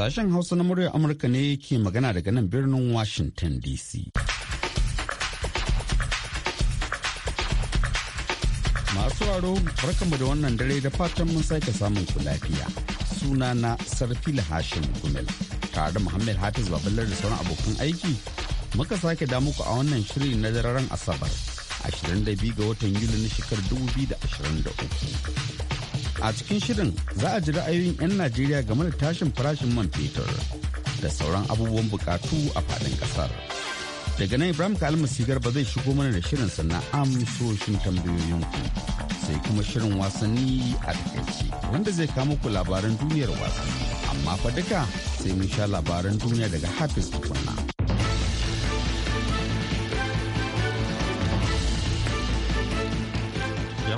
Sashen Hausa na muryar Amurka ne ke magana daga nan birnin Washington DC. Masu raro barkanmu da wannan dare da fatan mun sake samun ku lafiya. Sunana sarfi Hashim Gumel tare da Muhammad Hafiz Babalar da sauran abokan aiki muka sake da muku a wannan shirin na dararen Asabar 22 ga watan Yuli na shekarar 2023. A cikin shirin za a ji ra'ayoyin 'yan Najeriya game da tashin farashin man fetur da sauran abubuwan bukatu a faɗin ƙasar. Daga nan Ibrahim Kalma Sigar ba zai shigo mana da shirin sana amsoshin ku sai kuma shirin wasanni a takaici wanda zai kamo ku labaran duniyar wasanni. Amma fa duka sai mun sha labaran duniya daga Hafiz Tukunna.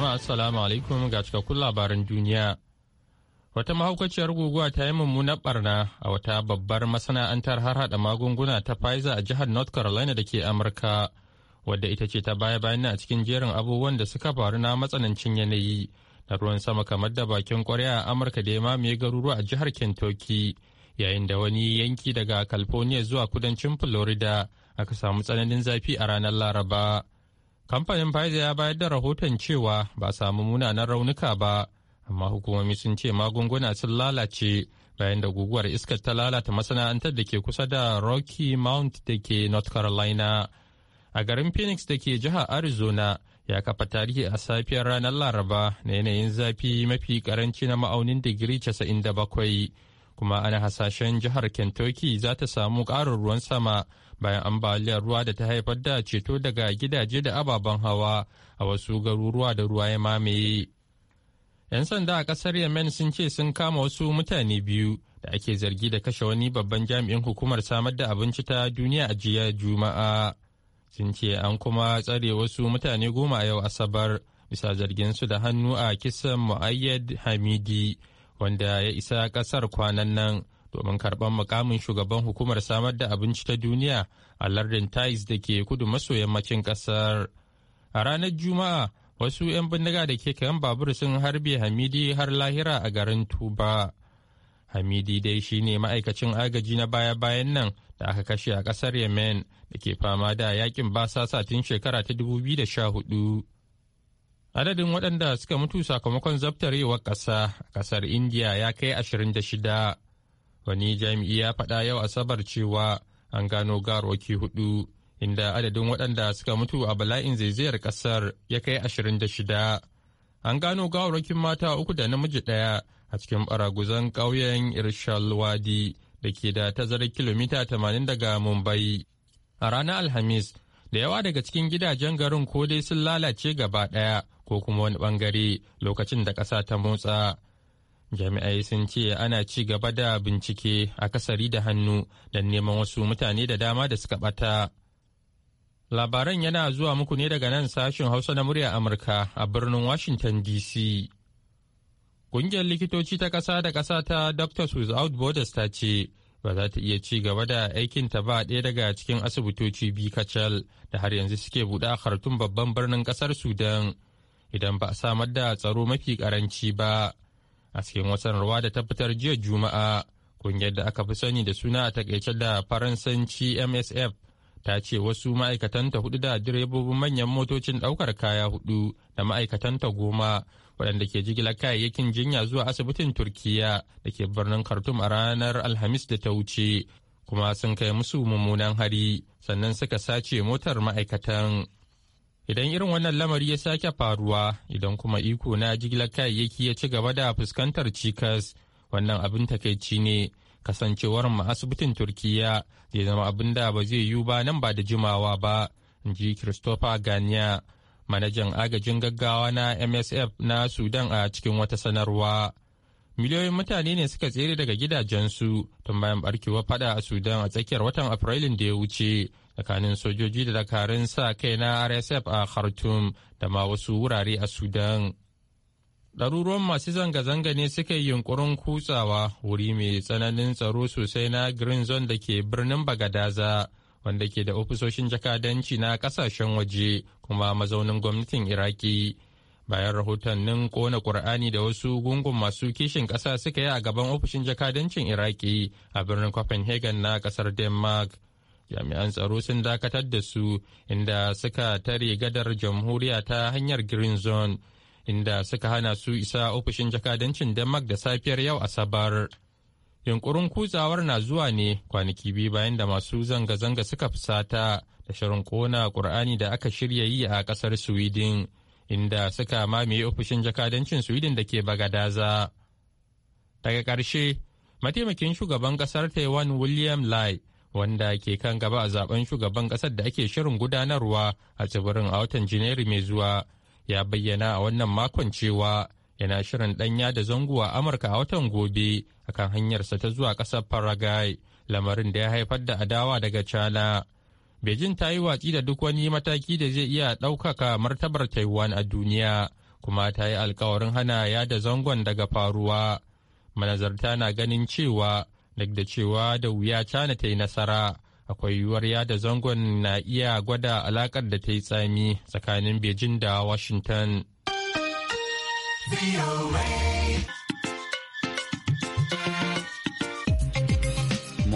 Jama'a assalamu alaikum ga cikakkun labaran duniya. Wata mahaukaciyar guguwa ta yi mummunar barna a wata babbar masana'antar har hada magunguna ta Pfizer a jihar North Carolina da ke Amurka, wadda ita ce ta baya bayan a cikin jerin abubuwan da suka faru na matsanancin yanayi na ruwan sama kamar da bakin kwarya a Amurka da ya mamaye garuruwa a jihar Kentucky, yayin da wani yanki daga California zuwa kudancin Florida aka samu tsananin zafi a ranar Laraba. Kamfanin Pfizer ya bayar da rahoton cewa ba samu munanan raunuka ba, amma hukumomi sun ce magunguna sun lalace bayan da guguwar iskar ta lalata masana'antar da ke kusa da Rocky Mount da ke North Carolina. A garin Phoenix da ke jihar Arizona ya kafa tarihi a safiyar ranar Laraba na yanayin zafi mafi karanci na ma'aunin digiri 97. kuma ana hasashen jihar Kentucky za ta samu ƙarin ruwan sama bayan ambaliyar ruwa da ta haifar da ceto daga gidaje da ababen hawa a wasu garuruwa da ruwa ya mamaye. 'Yan sanda a ƙasar Yemen sun ce sun kama wasu mutane biyu da ake zargi da kashe wani babban jami'in hukumar samar da abinci ta duniya a jiya Juma'a. Sun ce an kuma tsare wasu mutane goma a yau Asabar bisa zargin su da hannu a kisan Muayyad Hamidi. wanda ya isa kasar kwanan nan domin karɓar mukamin shugaban hukumar samar da abinci ta duniya a lardin tais da ke kudu maso yammacin kasar a ranar juma'a wasu 'yan bindiga da ke kayan babur sun harbe hamidi har lahira a garin tuba hamidi dai shine ma'aikacin agaji na baya-bayan nan da aka kashe a kasar yemen da ke fama da yakin basasa tun shekara ta 2014 Adadin waɗanda suka mutu sakamakon zaftarewar ƙasa a ƙasar India ya kai shida Wani jami'i ya faɗa yau Asabar cewa an gano garwaki hudu, inda adadin waɗanda suka mutu a bala'in zaizayar ƙasar ya kai shida An gano gawarwakin mata uku da namiji ɗaya a cikin baraguzan ƙauyen Irshalwadi da ke da tazarar kilomita 80 daga Mumbai. A ranar Alhamis, da yawa daga cikin gidajen garin ko dai sun lalace gaba ɗaya ko kuma wani bangare lokacin da ƙasa ta motsa jami'ai sun ce ana ci gaba da bincike a kasari da hannu don neman wasu mutane da dama da suka bata labaran yana zuwa muku ne daga nan sashen hausa na murya amurka a birnin washington dc ƙungiyar likitoci ta ƙasa da ƙasa ta doctors without borders ta ce ba za ta iya ci gaba da aikin ta ba ɗaya daga cikin asibitoci bi kacal da har yanzu suke buɗe a babban birnin ƙasar sudan idan ba a samar da tsaro mafi karanci ba a cikin wata sanarwa da tabbatar jiya juma'a kungiyar da aka fi sani da suna a takaice da faransanci msf ta ce wasu ma'aikatanta hudu da direbobin manyan motocin daukar kaya hudu da ma'aikatanta goma waɗanda ke jigilar kayayyakin jinya zuwa asibitin turkiya da ke birnin khartoum a ranar alhamis da ta wuce kuma sun kai musu mummunan hari sannan suka sace motar ma'aikatan Idan irin wannan lamari ya sake faruwa idan kuma iko na jigilar kayayyaki ya ci gaba da fuskantar cikas wannan abin takaici ne kasancewar mu asibitin Turkiya zai zama abin da ba zai yiwu ba nan ba da jimawa ba, in ji Christopher ganiya manajan agajin gaggawa na MSF na Sudan a cikin wata sanarwa. miliyoyin mutane ne suka tsere daga gidajensu tun bayan barkewar fada a sudan a tsakiyar watan afrilun da ya wuce tsakanin sojoji da dakarun sa kai na rsf a khartum da ma wasu wurare a sudan ɗaruruwan masu zanga-zanga ne suka yi yunkurin kutsawa wuri mai tsananin tsaro sosai na green zone da ke birnin bagadaza wanda ke da ofisoshin jakadanci na kasashen waje kuma mazaunin gwamnatin iraki bayan rahotannin kona ƙur'ani da wasu gungun masu kishin ƙasa suka yi a gaban ofishin jakadancin iraki a birnin copenhagen na ƙasar denmark jami'an tsaro sun dakatar da su inda suka tare gadar jamhuriya ta hanyar green zone inda suka hana su isa ofishin jakadancin denmark da safiyar yau asabar yunkurin kuzawar na zuwa ne kwanaki biyu bayan da masu zanga-zanga suka fusata da shirin kona kur'ani da aka shirya yi a ƙasar sweden inda suka mamaye ofishin jakadancin sweden da ke bagadaza daga ƙarshe mataimakin shugaban ƙasar taiwan william lai wanda ke kan gaba a zaben shugaban ƙasar da ake shirin gudanarwa a tsibirin a watan janairu mai zuwa ya bayyana a wannan makon cewa yana shirin ɗanya da zango a amurka a watan gobe akan hanyarsa ta zuwa ƙasar paraguay lamarin da ya haifar da adawa daga cana Beijing ta yi watsi da duk wani mataki da zai iya ɗaukaka martabar Taiwan a duniya, kuma ta yi alkawarin hana yada zangon daga faruwa. Manazarta na ganin cewa duk da cewa da wuya cana ta yi nasara, akwai yiwuwar yada zangon na iya gwada alakar da ta yi tsami tsakanin Beijing da Washington.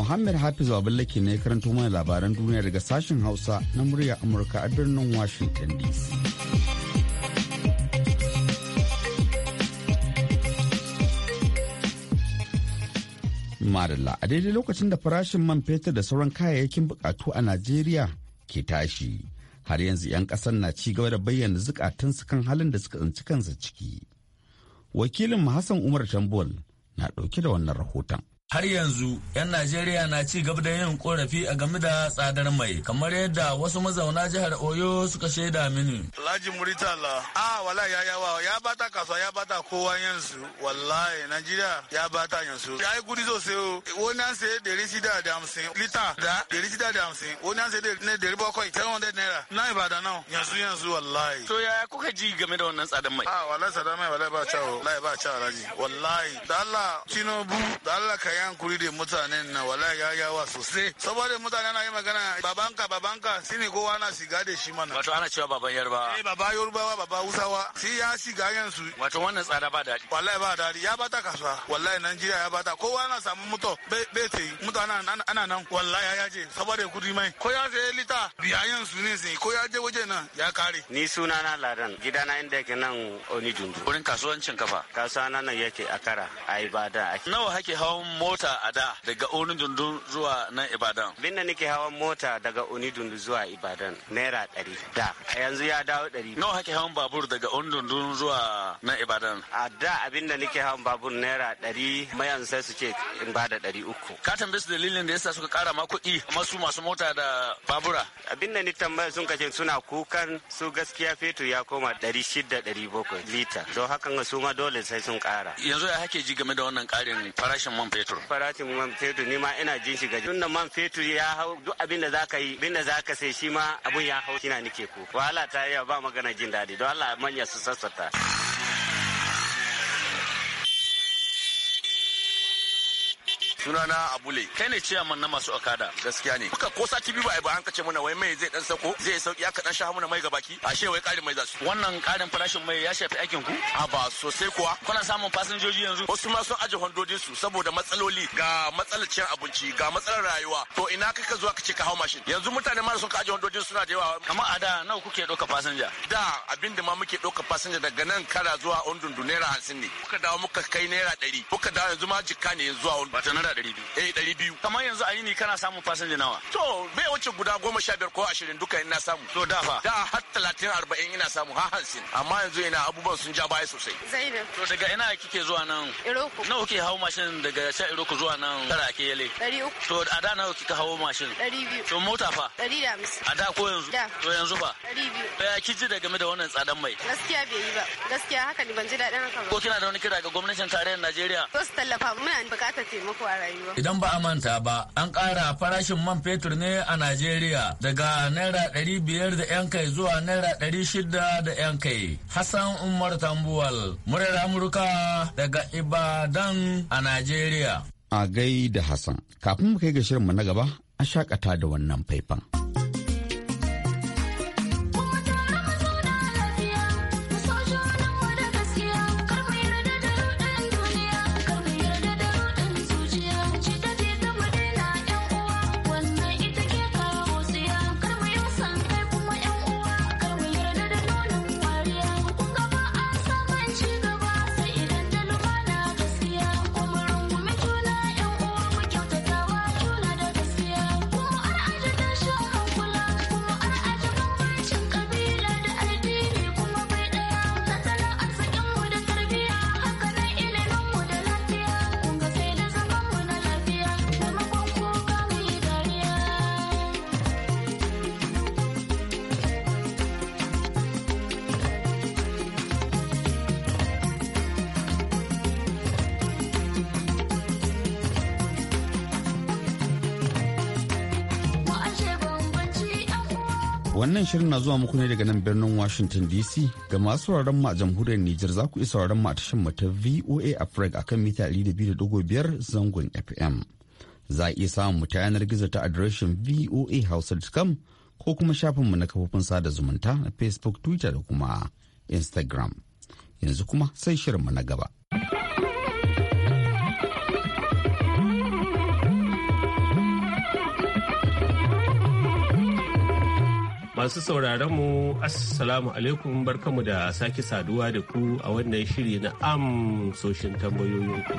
Muhammad Hafiz Babalake ne karanto mana labaran duniya daga sashen Hausa na murya Amurka a birnin Washington DC. Madalla a daidai lokacin da farashin man fetur da sauran kayayyakin bukatu a Najeriya ke tashi. Har yanzu 'yan ƙasar na ci gaba da bayyana zukatansu kan halin da suka tsinci kansa ciki. Wakilin Hassan Umar Tambol na ɗauke da wannan rahoton. har yanzu 'yan najeriya na ci gaba da yin korafi a game da tsadar mai kamar yadda wasu mazauna jihar oyo suka shaida mini Laji muritala a wala ya yawa ya bata kasuwa ya bata kowa yanzu wallahi najeriya ya bata yanzu ya yi kudi sosai o wani an sai dari shida da hamsin lita da dari shida da hamsin wani an sai dari dari bakwai ten hundred naira na bada nan yanzu yanzu wallahi to yaya kuka ji game da wannan tsadar mai a wallahi tsadar mai wallahi ba cawo wallahi ba cawo Laji, wallahi da allah tinubu da allah ka ya hankuri da mutanen na wala ya yawa sosai saboda mutane na yi magana babanka babanka shine kowa na shiga da shi mana wato ana cewa baban yarba eh baba wa baba usawa shi ya shiga yansu wato wannan tsada ba dadi wallahi ba dadi ya bata kasuwa wallahi Najeriya ya bata kowa na samu muto be ta mutane ana nan wallahi ya je saboda kudi mai ko ya je lita biya yansu ne sai ko ya je waje nan ya kare ni suna na ladan gidana inda yake nan oni dundu wurin kasuwancin kafa kasuwa nan yake akara ai ba ake nawa hake hawan mota a da daga Onidundu zuwa nan Ibadan? Binda nake hawan mota daga Onidundu zuwa Ibadan naira dari da a yanzu ya dawo dari. Nawa hake hawan babur daga Onidundu zuwa nan Ibadan? A da abinda nake hawan babur naira dari. mayan sai su ce in ba da uku. Ka tambaye su dalilin da yasa suka ƙara ma kuɗi masu masu mota da babura? Abinda ni tambaya sun kace suna kukan su gaskiya fetu ya koma Dari shida dari bakwai lita. Don haka su ma dole sai sun ƙara. Yanzu ya hake ji game da wannan ƙarin farashin man fetur. fetur Faratin man fetur ni ma ina jin shi gaji tunda man fetur ya hau duk abin da zaka yi abin da zaka sai shi ma abun ya hau kina nike ko wahala ta yi ba magana jin daɗi don Allah manya su sassata sunana abule kai ne ciyaman na masu akada gaskiya ne kuka ko sati biyu ba ai ba an kace mana wai mai zai dan sako zai sauki aka dan sha mana mai gabaki ashe wai karin mai za su wannan karin farashin mai ya shafi aikin ku a ba sosai kuwa kuna samun fasinjoji yanzu wasu ma sun aje hondodin su saboda matsaloli ga matsalar cin abinci ga matsalar rayuwa to ina ka zuwa kace ka hau mashin yanzu mutane ma sun ka aje hondodin suna da yawa amma a da nawa kuke ɗauka fasinja da abinda ma muke ɗauka fasinja daga nan kara zuwa ondundu naira hamsin ne kuka dawo muka kai naira 100 kuka dawo yanzu ma jikka ne yanzu zuwa ondundu ɗari biyu eh ɗari biyu kamar yanzu a yini kana samun fasinja nawa to bai wuce guda goma sha biyar ko ashirin duka ina samu to da fa da har talatin arba'in ina samu har hamsin amma yanzu ina abubuwan sun ja baya sosai zainab to daga ina kike zuwa nan iroko nawa kike hawo mashin daga sha iroko zuwa nan tara ake yale ɗari uku to a da nawa kika hawo mashin ɗari biyu to mota fa ɗari da hamsin a da ko yanzu da to yanzu fa ɗari biyu to ya kiji da game da wannan tsadan mai gaskiya bai yi ba gaskiya haka ne ban ji daɗin haka ba ko kina da wani kira ga gwamnatin tarayyar Najeriya to su tallafa muna bukatar taimako a rayuwa. Idan ba a manta ba, an ƙara farashin man fetur ne a Najeriya daga naira ɗari biyar da ƴan kai zuwa naira ɗari shida da ƴan kai. Hassan Umar Tambuwal, murar Amurka daga Ibadan a Najeriya. A gai da Hassan, kafin mu kai ga shirinmu na gaba, a shakata da wannan faifan. Wannan shirin na zuwa muku ne daga nan birnin Washington DC ga masu sauraron mu a jamhuriyar Nijar za ku isa sauraron mu a tashin mu ta VOA Africa akan mita 200.5 zangon FM. Za a iya samun mu ta yanar gizo ta adireshin voa voahausa.com ko kuma shafin mu na kafofin sada zumunta na Facebook, Twitter da kuma Instagram. Yanzu kuma sai shirin mu na gaba. Masu sauraron mu Assalamu alaikum barkamu da sake saduwa da ku a wannan shiri na amsoshin tambayoyinku.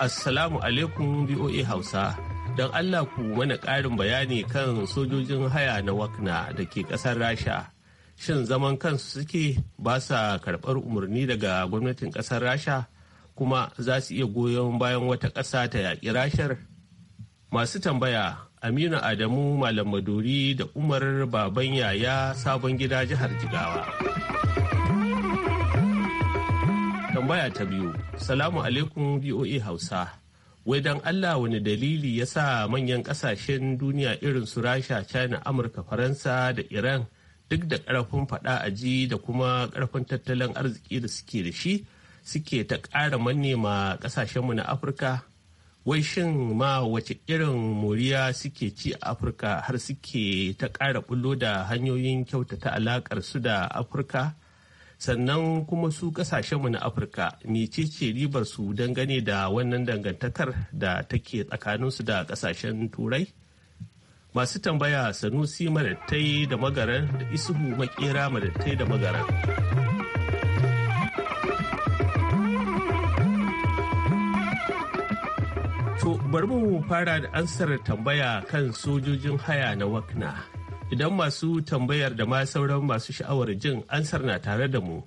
Assalamu alaikum BOA Hausa. Don Allah ku mana ƙarin bayani kan sojojin haya na Wakna da ke ƙasar Rasha. Shin zaman kansu suke ba sa karɓar umarni daga gwamnatin ƙasar Rasha kuma za su iya goyon bayan wata ƙasa ta yaƙi Rashar? Masu tambaya Aminu Adamu Malam Maduri da Umar Baban Yaya Sabon Gida Jihar Jigawa. Tambaya ta biyu, Salamu alaikum BOA Hausa. Wai don Allah wani dalili ya sa manyan ƙasashen duniya irin su Rasha, China, Amurka, Faransa da Iran duk da ƙarfin faɗa a ji da kuma ƙarfin tattalin arziki da suke da shi suke ta ƙara manema kasashenmu ƙasashenmu na Afirka wai shin ma wace irin moriya suke ci a afirka har suke ta ƙara bullo da hanyoyin kyautata alaƙar su da afirka sannan kuma su ƙasashenmu na afirka mecece ribar su dangane da wannan dangantakar da take tsakaninsu da ƙasashen turai masu tambaya sanusi madattai da magaran da isuhu makera madattai da magaran To bari mu fara da ansar tambaya kan sojojin haya na Wakna. Idan masu tambayar da ma sauran masu sha'awar jin ansar na tare da mu.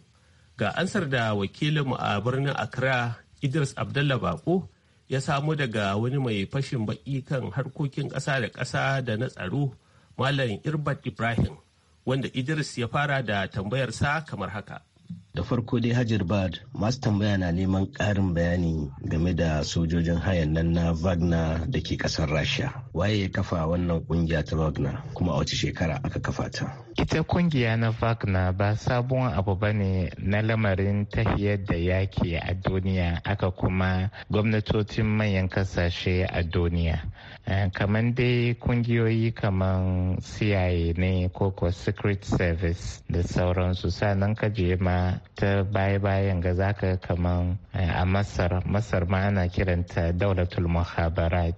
Ga ansar da wakilinmu a birnin Accra Idris Abdullah Bako ya samu daga wani mai fashin baki kan harkokin ƙasa da ƙasa da na tsaro Malam Irbat Ibrahim wanda Idris ya fara da tambayarsa kamar haka. da farko dai hajar bad masu tambaya na neman ƙarin bayani game da sojojin hayan nan na wagner da ke ƙasar rasha waye ya kafa wannan ƙungiya ta wagner kuma a wace shekara aka kafa ta ita ƙungiya na wagner ba sabon abu ba ne na lamarin tahiyar da yaki a duniya aka kuma gwamnatocin manyan ƙasashe a duniya Eh, kamar dai kungiyoyi kamar cia ne ko ko secret service da sauransu sannan ka je ma ta baya-bayan ga zaka kamar eh, a masar masar ma ana kiranta daulatul muhabarat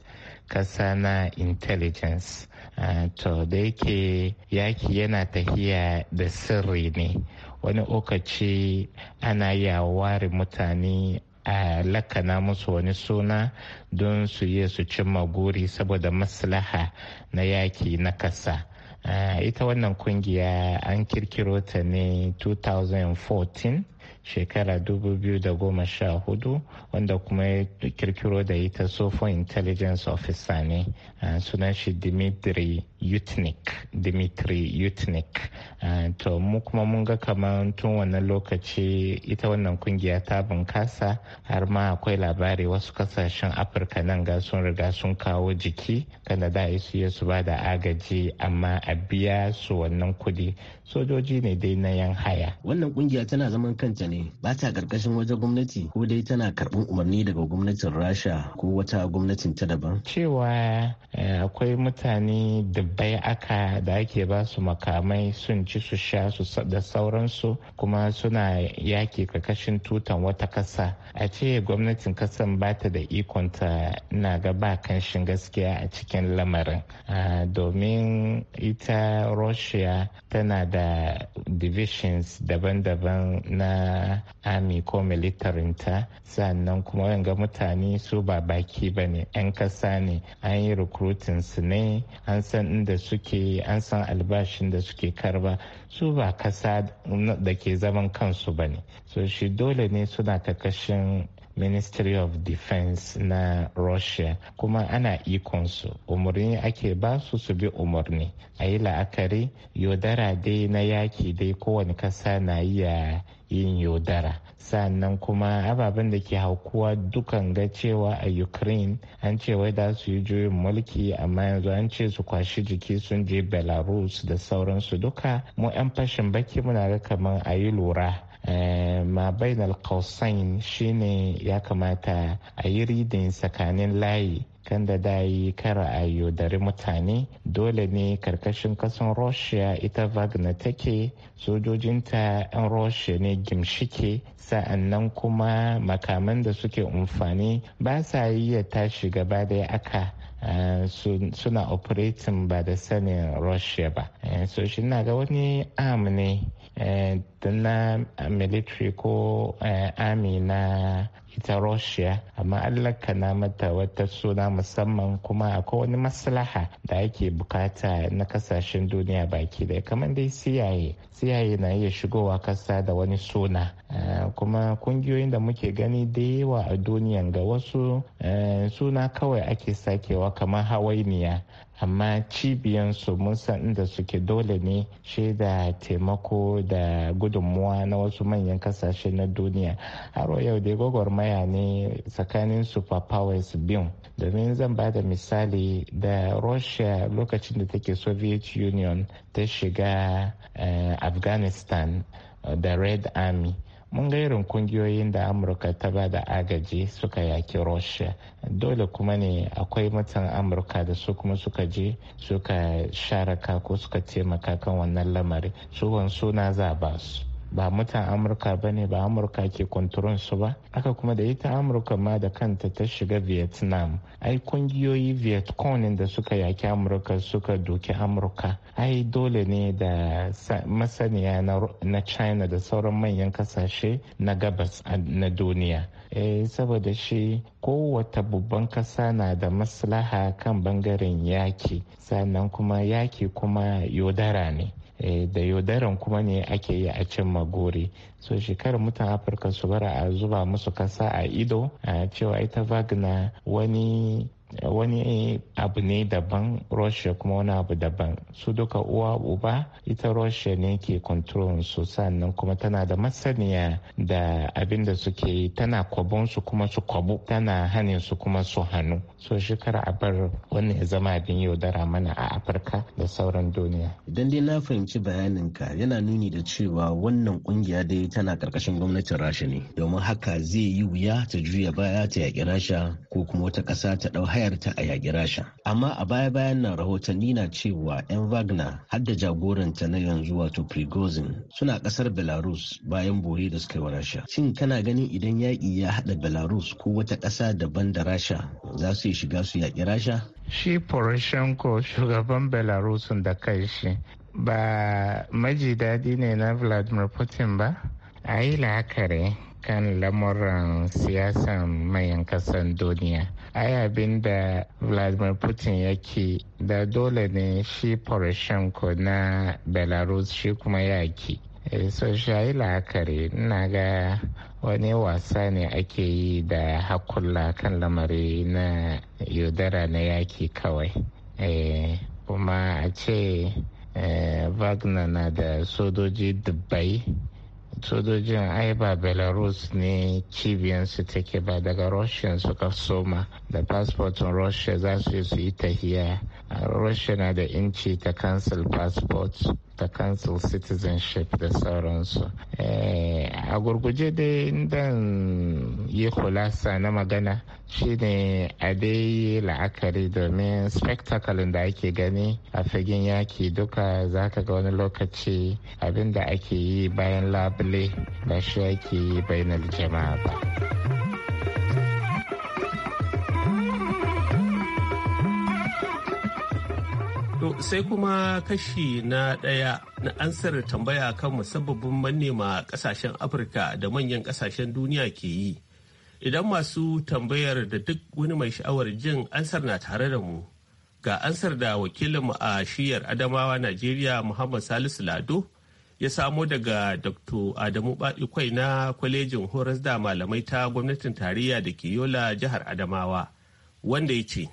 kasa na intelligence eh, to da yake yaki yana tahiya da sirri ne wani okaci ana iya ware mutane a lakana musu wani suna don su yi su cimma guri saboda maslaha na yaki na kasa ita wannan kungiya an kirkiro ta ne 2014 shekara 2014 wanda kuma ya kirkiro da ita sofon intelligence officer ne sunan shi dimitri yutnik dimitri yutnik to mu kuma mun ga kamar tun wannan lokaci ita wannan kungiya ta bunkasa har ma akwai labari wasu kasashen afirka nan ga sun riga sun kawo jiki kanada su su ba da agaji amma a biya su wannan kudi sojoji ne dai na yan haya wannan kungiya tana zaman kanta ne ba ta karkashin wajen gwamnati ko dai tana karɓar umarni daga gwamnatin rasha ko wata gwamnatin ta daban cewa eh, akwai mutane dubbai aka da ake ba su makamai sun ci su sha su da sauransu kuma suna yaki karkashin tutan wata ƙasa a ce gwamnatin kasan ba ta da ikon ta na gaba kanshin gaskiya a cikin lamarin ah, domin ita russia tana da da divisions daban-daban na army ko ta sannan kuma wanga mutane su ba baki ba ne 'yan kasa ne an yi recruiting su ne an san inda suke an san albashin da suke karba su ba kasa da ke zaman kansu ba ne so shi dole ne suna kakashin ministry of defense na russia kuma ana ikonsu umarni ake ba su su bi umarni a yi la'akari yodara dai na yaki dai kowane kasa na iya yin yaudara sannan kuma ababen da ke haukuwa dukan ga cewa a ukraine an ce wai da su yi juyin mulki amma yanzu an ce su kwashi jiki sun je belarus da sauransu duka mu 'yan fashin baki muna ga kamar a yi lura Eh, ma bainal shine ya kamata a yi ridin tsakanin layi kan da dayi kara a yaudari mutane dole ne karkashin kasan russia ita wagner take sojojinta 'yan russia ne gimshike sa'annan kuma makaman da suke umfani ba sa iya tashi gaba da ya aka eh, suna operating ba da sanin russia ba eh, so shi na ga wani am ne Eh, na military ko eh, army na ita russia amma allaka na mata wata suna musamman kuma akwai wani maslaha da ake bukata na kasashen duniya baki da kamar dai siyaye cia na iya shigowa kasa da wani suna eh, kuma kungiyoyin da muke gani da yawa a duniya ga wasu eh, suna kawai ake sakewa kamar hawainiya amma cibiyansu mun san inda suke dole ne shaida taimako da gudunmuwa na wasu manyan kasashe na duniya har yau dai gwagwarmaya ne tsakanin super superpowers biyun domin zan ba da misali da russia lokacin da take soviet union ta shiga a eh, afghanistan uh, da red army mun ga irin kungiyoyin da amurka ta ba da agaji suka yaki russia dole kuma ne akwai mutan amurka da su kuma suka je suka sharaka ko suka taimaka kan wannan lamari su suna za ba su ba mutan amurka ba ne ba amurka ke kwanturon su ba aka kuma da ita amurka ma da kanta ta shiga vietnam ai kungiyoyi vietcong da suka yaki amurka suka doki amurka ai dole ne da masaniya na china da sauran manyan kasashe na gabas na duniya eh, saboda shi kowata babban kasa na da maslaha kan bangaren yaki sannan kuma yaki kuma yodara ne Eh, da yaudaran kuma ne ake yi a cimma magori so shekarar mutan afirka su bara a zuba musu kasa a ido a cewa ita vagna wani wani abu ne daban russia kuma wani abu daban su duka uwa uba ita russia ne ke control su sannan kuma tana da masaniya da abin da suke yi tana kwabon su kuma su kwabu tana hanin su kuma su hannu so shekara a bar wannan ya zama abin yaudara mana a afirka da sauran duniya idan dai na fahimci bayaninka yana nuni da cewa wannan kungiya dai tana karkashin gwamnatin rasha ne domin haka zai yi wuya ta juya baya ta yaƙi rasha ko kuma wata ƙasa ta ɗau haya mamayarta a yaƙi rasha amma a baya bayan nan rahotanni na cewa 'yan wagner har da jagoranta na yanzu wato prigozhin suna ƙasar belarus bayan bore da suka yi wa rasha shin kana ganin idan yaki ya haɗa belarus ko wata ƙasa daban da rasha za su yi shiga su yaƙi rasha shi poroshenko shugaban belarus da kai shi ba maji daɗi ne na vladimir putin ba a yi la'akari kan lamuran siyasan mayan kasan duniya ai abin da vladimir putin yake da dole ne shi poroshenko na belarus shi kuma yaki eh, so shayi la'akari na ga wani wasa ne ake yi da hakulla kan lamari na yaudara na yaki kawai eh, kuma a ce eh, wagner na da sojoji dubbai sojojin ai ba belarus ne cibiyansu take ba daga russia suka soma da fasfotin russia za su yi su yi tahiya russia na da inci ta cancel passport ta council citizenship da sauransu eh, a gurguje dai dan yi hulasa na magana shine a dai la'akari domin spectacle da ake gani a fagen yaki duka zaka ga wani lokaci abinda ake yi bayan labule ba shi ake yi bainar jama'a ba To sai kuma kashi na ɗaya na ansar tambaya kan musabbabin manema ƙasashen Afirka da manyan ƙasashen duniya ke yi. Idan masu tambayar da duk wani mai sha'awar jin ansar na tare da mu. Ga ansar da wakilinmu a shiyar Adamawa Najeriya Muhammad Salisu Lado ya samo daga Dr. Adamu Baɗikwai na kwalejin horas da malamai ta gwamnatin tarayya da ke Yola jihar Adamawa wanda ya ce.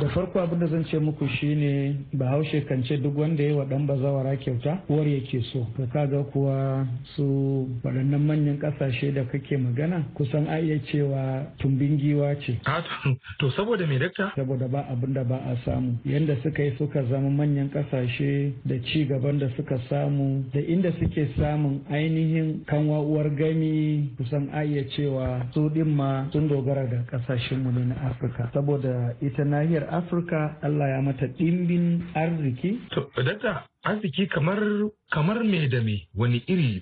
da farko abin da zan ce muku shine bahaushe kan ce duk wanda ya waɗan bazawara kyauta uwar yake so to kaga kuwa su waɗannan manyan ƙasashe da kake magana kusan a iya cewa tumbin giwa ce ah, to saboda me dakta saboda ba abin da ba a samu yanda suka yi suka zama manyan ƙasashe da ci gaban da suka samu da inda suke samun ainihin kanwa uwar gami kusan a iya cewa su ɗin sun dogara da mu ne na afirka saboda ita nahiyar nahiyar afirka allah ya mata dimbin arziki to daga arziki kamar kamar me da me wani iri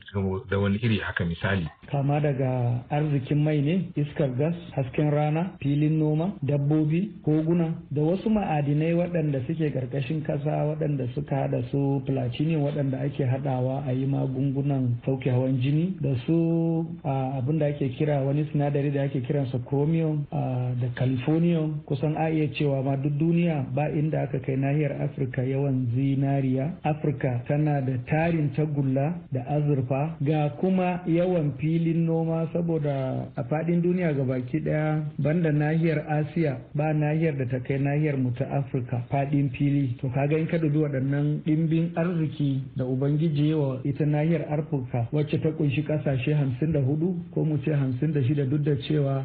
da wani iri haka misali kama daga arzikin mai ne iskar gas hasken rana filin noma dabbobi koguna da wasu ma'adinai waɗanda suke ƙarƙashin ƙasa waɗanda suka haɗa su platini waɗanda ake haɗawa a yi magungunan sauke hawan jini da su abin da ake kira wani sinadari da ake kiransa chromium da californium kusan a iya cewa ma duk duniya ba inda aka kai nahiyar afirka yawan zinariya afirka tana da tarin tagulla da azurfa ga kuma yawan filin noma saboda a fadin duniya ga baki ɗaya banda nahiyar asiya ba nahiyar da ta kai nahiyar mu ta afirka fadin fili to kaga in ka dubi waɗannan ɗimbin arziki da ubangiji wa ita nahiyar afirka wacce ta kunshi kasashe hamsin da hudu ko mu ce hamsin da shida duk da cewa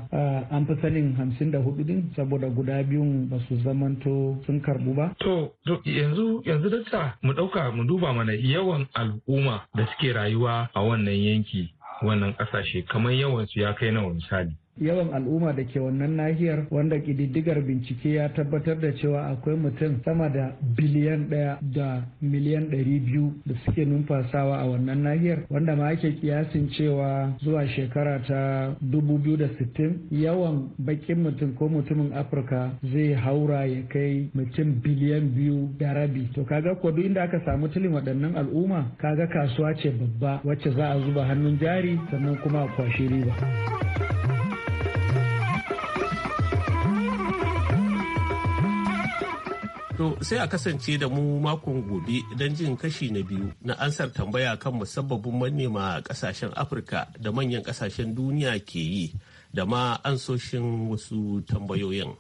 an fi sanin hamsin da hudu din saboda guda biyun ba su zamanto sun karɓu ba. to yanzu yanzu dakta mu ɗauka duka mu duba mana yawan al'umma da suke rayuwa a wannan yanki wannan ƙasashe kamar yawansu ya kai nawa misali yawan al'umma da ke wannan nahiyar wanda kididdigar bincike ya tabbatar da cewa akwai mutum sama da biliyan ɗaya da miliyan ɗari biyu da suke numfasawa a wannan nahiyar wanda ma ake kiyasin cewa zuwa shekara ta sittin, yawan bakin mutum ko mutumin afirka zai haura ya kai mutum biliyan biyu da rabi to kaga ko duk inda aka samu tilin waɗannan al'umma kaga kasuwa ce babba wacce za a zuba hannun jari sannan kuma a kwashi riba. To sai a kasance da mu makon gobe don jin kashi na biyu na ansar tambaya kan musabbabin manema kasashen Afirka da manyan kasashen duniya ke yi da ma ansoshin wasu tambayoyin.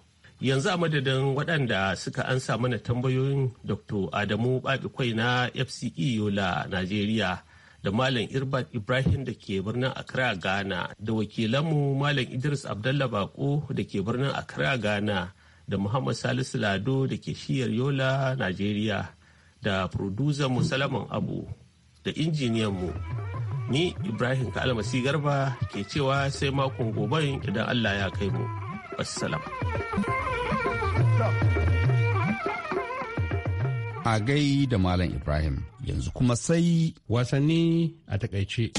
Yanzu a madadin waɗanda suka ansa mana tambayoyin Dr. Adamu Babikwai na FCE Yola Najeriya da Malam Irbat Ibrahim da ke birnin Accra Ghana da wakilanmu Malam Idris Abdallah Bako da ke birnin Accra Ghana. da Muhammad Salisu Lado da ke shiyar Yola, Najeriya, da producer Musalaman Abu da mu Ni Ibrahim Kalmasi Garba ke cewa sai makon gobe idan Allah ya kai mu. Wassalam. A gai da Malam Ibrahim yanzu kuma sai wasanni a takaice.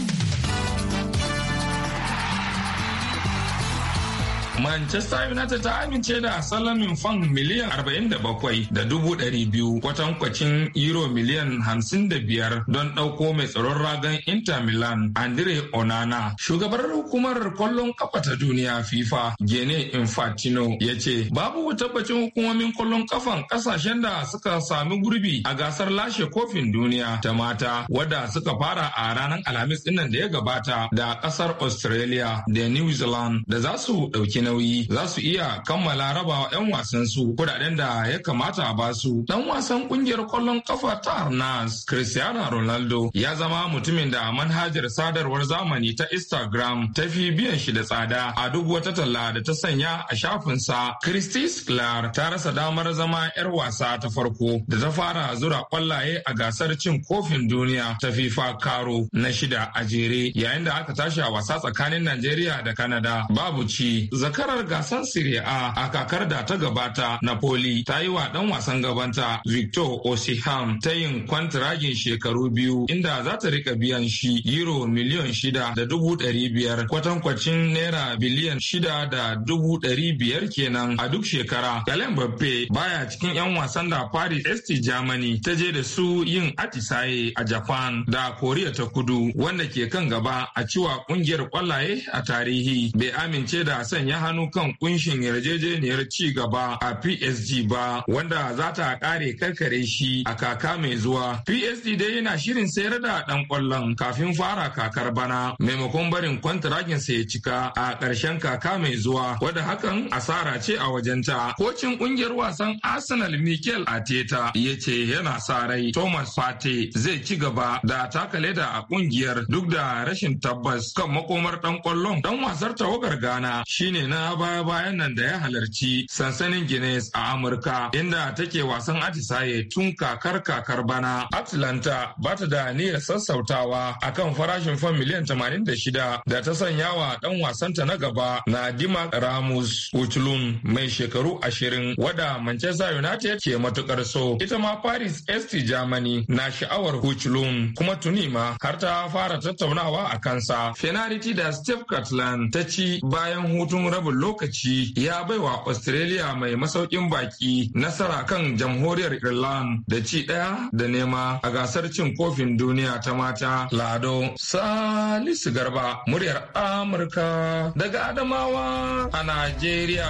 Manchester United ta amince da salamin fan miliyan 47 da dubu ɗari biyu kwatankwacin euro miliyan 55 don ɗauko mai tsaron ragan Inter Milan Andre Onana. Shugabar hukumar kwallon kafa ta duniya FIFA Gene Infantino ya ce babu tabbacin hukumomin kwallon kafan ƙasashen da suka sami gurbi a gasar lashe kofin duniya ta mata wadda suka fara a ranar Alhamis innan da ya gabata da ƙasar Australia da New Zealand da za su ɗauki nauyi za su iya kammala rabawa 'yan wasan su kudaden da ya kamata a basu. Dan wasan kungiyar kwallon kafa ta Arnas Cristiano Ronaldo ya zama mutumin da manhajar sadarwar zamani ta Instagram ta fi biyan shi da tsada a duk wata talla da ta sanya a shafinsa. Christy Sklar ta rasa damar zama 'yar wasa ta farko da ta fara zura kwallaye a gasar cin kofin duniya ta FIFA Karo na shida a jere yayin da aka tashi a wasa tsakanin Najeriya da Kanada babu ci. Zaka shekarar gasar Serie A a kakar da ta gabata Napoli ta yi wa dan wasan gabanta Victor Osimhen ta yin kwantiragin shekaru biyu inda za ta rika biyan shi euro miliyan shida da dubu ɗari biyar kwatankwacin naira biliyan shida da dubu ɗari biyar kenan a duk shekara. Galen Bappe baya cikin 'yan wasan da Paris ST Germany ta je da su yin atisaye a Japan da Koriya ta kudu wanda ke kan gaba a ciwa ƙungiyar kwallaye a tarihi bai amince da sanya hannu kan kunshin yarjejeniyar ci gaba a PSG ba wanda za ta kare karkare shi a kaka mai zuwa. PSG dai yana shirin sayar da dan kwallon kafin fara kakar bana maimakon barin kwantiragin sa ya cika a ƙarshen kaka mai zuwa wadda hakan asara ce a wajenta. Kocin kungiyar wasan Arsenal Mikel Arteta ya ce yana sa rai Thomas fate zai ci gaba da taka leda a kungiyar duk da rashin tabbas kan makomar dan kwallon dan wasar tawagar Ghana shine na na baya-bayan nan da ya halarci sansanin Guinness a Amurka inda take wasan atisaye tun kakar kakar bana. Atlanta ba ta da niyyar sassautawa akan farashin fan miliyan 86 da ta sanya wa dan wasanta na gaba na Dima Ramus Uchlum mai shekaru 20 wada Manchester United ke matukar so. Ita ma Paris ST Germany na sha'awar Uchlum kuma tuni ma har ta fara tattaunawa a kansa. Fenariti da Steve Catlan ta ci bayan hutun raba babu lokaci ya baiwa Australia mai masaukin baki nasara kan jamhuriyar Ireland da ci ɗaya da nema a gasar cin kofin duniya ta mata Lado. Salisu Garba, muryar Amurka daga Adamawa a Najeriya.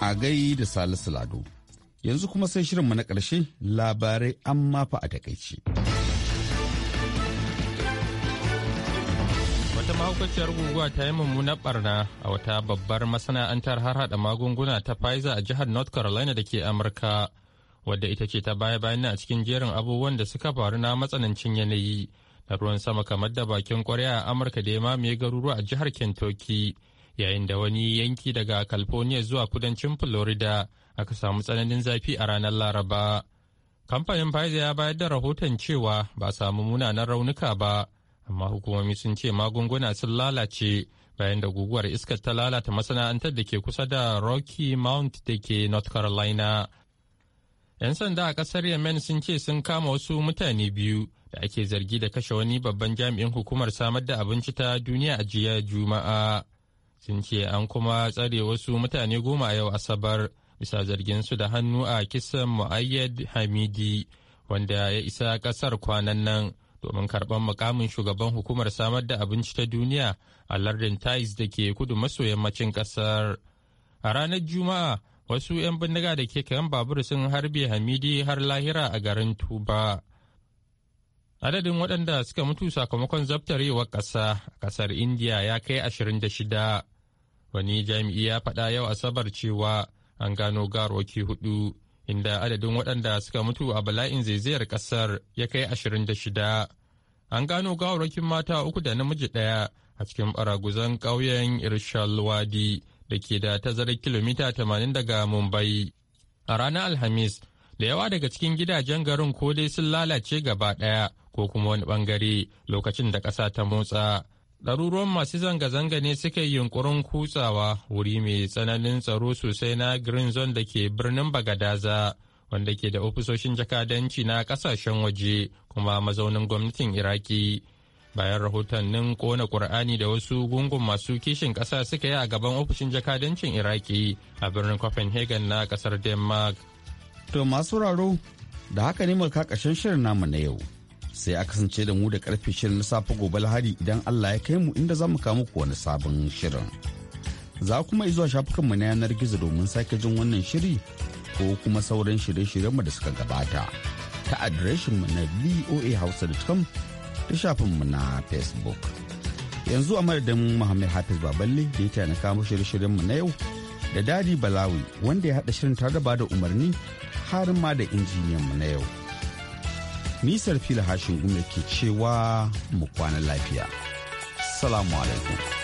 A gai da Salisu Lado. Yanzu kuma sai shirinmu na ƙarshe labarai amma fa a takaici. mahaukaciyar guguwa ta yi mummunar barna a wata babbar masana'antar har hada magunguna ta Pfizer a jihar North Carolina da ke Amurka, wadda ita ce ta baya bayan a cikin jerin abubuwan da suka faru na matsanancin yanayi na ruwan sama kamar da bakin kwarya a Amurka da ya mamaye garuruwa a jihar Kentucky, yayin da wani yanki daga California zuwa kudancin Florida aka samu tsananin zafi a ranar Laraba. Kamfanin Pfizer ya bayar da rahoton cewa ba a samu munanan raunuka ba. amma hukumomi sun ce magunguna sun lalace bayan da guguwar iskar ta lalata masana'antar da ke kusa da rocky mount da ke north carolina 'yan sanda a kasar yemen sun ce sun kama wasu mutane biyu da ake zargi da kashe wani babban jami'in hukumar samar da abinci ta duniya a jiya juma'a sun ce an kuma tsare wasu mutane goma a yau asabar bisa zargin su da hannu a kisan mu'ayyad hamidi wanda ya isa kasar kwanan nan domin karɓar mukamin shugaban hukumar samar da abinci ta duniya a lardin tais da ke kudu maso yammacin ƙasar a ranar juma'a wasu 'yan bindiga da ke kayan babur sun harbe hamidi har lahira a garin tuba adadin waɗanda suka mutu sakamakon zabtarewar ƙasa a ƙasar indiya ya kai ashirin da shida. wani jami'i ya faɗa yau asabar cewa an gano garwaki hudu inda adadin waɗanda suka mutu a bala'in zaizayar ƙasar ya kai ashirin da shida. An gano gawarwakin mata uku da namiji ɗaya a cikin baraguzan ƙauyen Irshalwadi da ke da tazarar kilomita tamanin daga Mumbai. A ranar Alhamis, da yawa daga cikin gidajen garin ko dai sun lalace gaba ɗaya ko kuma wani ɓangare lokacin da ƙasa ta motsa ɗaruruwan masu zanga-zanga ne suka yi yunkurin kutsawa wuri mai tsananin tsaro sosai na green zone da ke birnin bagadaza wanda ke da ofisoshin jakadanci na kasashen waje kuma mazaunin gwamnatin iraki bayan rahotannin kona ƙur'ani da wasu gungun masu kishin ƙasa suka yi a gaban ofishin jakadancin iraki a birnin copenhagen na ƙasar denmark to masu raro da haka ne mulka ƙarshen shirin namu na yau sai a kasance da mu da karfe shirin na safe gobe lahadi idan Allah ya kai mu inda za mu kawo muku wani sabon shirin. Za kuma zuwa shafukanmu na yanar gizo domin sake jin wannan shiri ko kuma sauran shirye-shiryenmu da suka gabata ta adireshinmu na voahausa.com da shafinmu na Facebook. Yanzu a madadin Muhammad Hafiz Baballe da ya taimaka kamo shirye-shiryenmu na yau da Dadi Balawi wanda ya haɗa shirin tare da bada umarni har ma da injiniyanmu na yau. nisar fila hashin gume ke cewa mu kwana lafiya salamu alaikum